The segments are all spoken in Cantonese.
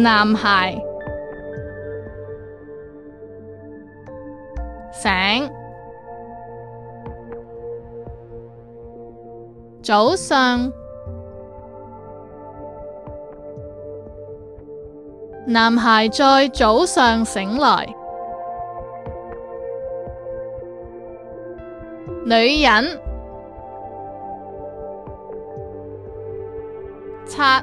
男孩醒早上，男孩在早上醒來。女人擦。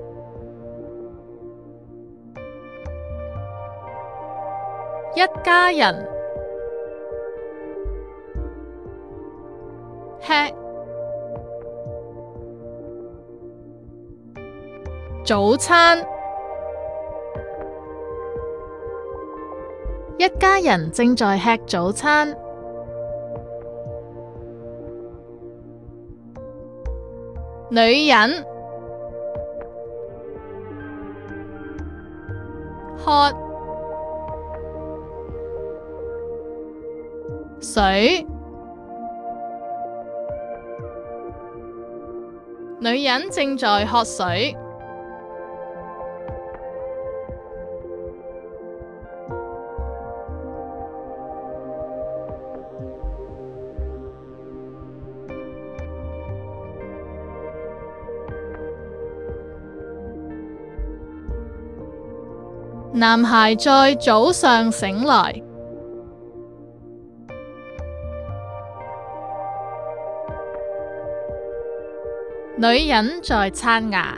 一家人吃早餐。一家人正在吃早餐。女人喝。水，女人正在喝水。男孩在早上醒來。女人在刷牙，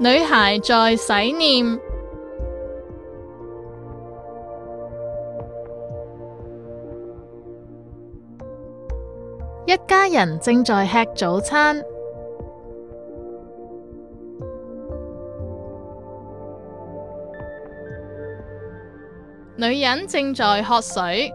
女孩在洗面，一家人正在吃早餐。女人正在喝水。